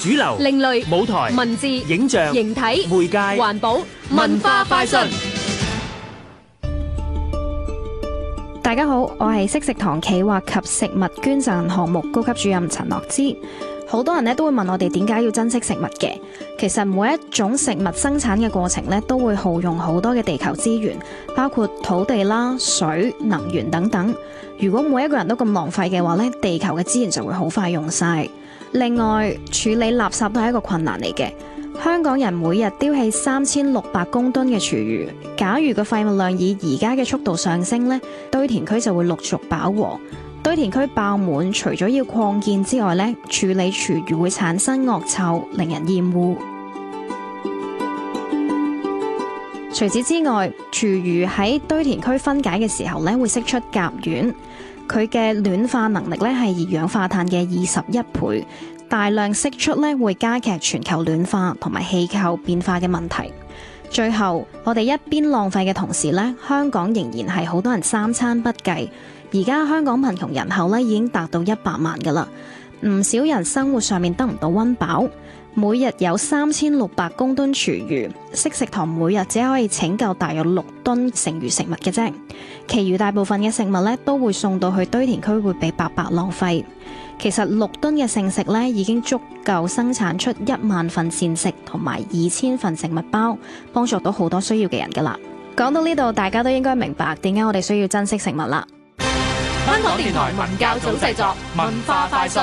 主流、另類舞台、文字、影像、形體、媒介、環保、文化快訊。大家好，我係惜食堂企劃及食物捐贈項目高級主任陳樂之。好多人呢都會問我哋點解要珍惜食物嘅。其實每一種食物生產嘅過程呢都會耗用好多嘅地球資源，包括土地啦、水、能源等等。如果每一個人都咁浪費嘅話呢，地球嘅資源就會好快用晒。另外，處理垃圾都係一個困難嚟嘅。香港人每日丟棄三千六百公噸嘅廚餘，假如個廢物量以而家嘅速度上升呢，堆填區就會陸續飽和。堆填區爆滿，除咗要擴建之外呢，處理廚餘會產生惡臭，令人厭惡。除此之外，廚餘喺堆填區分解嘅時候呢，會釋出甲烷。佢嘅暖化能力咧係二氧化碳嘅二十一倍，大量釋出咧會加劇全球暖化同埋氣候變化嘅問題。最後，我哋一邊浪費嘅同時咧，香港仍然係好多人三餐不繼，而家香港貧窮人口咧已經達到一百萬噶啦。唔少人生活上面得唔到溫飽，每日有三千六百公噸廚餘，惜食堂每日只可以拯救大約六噸剩餘食物嘅啫，其餘大部分嘅食物咧都會送到去堆填區，會被白白浪費。其實六噸嘅剩食咧已經足夠生產出一萬份膳食同埋二千份食物包，幫助到好多需要嘅人噶啦。講到呢度，大家都應該明白點解我哋需要珍惜食物啦。香港電台文教組製作《文化快訊》。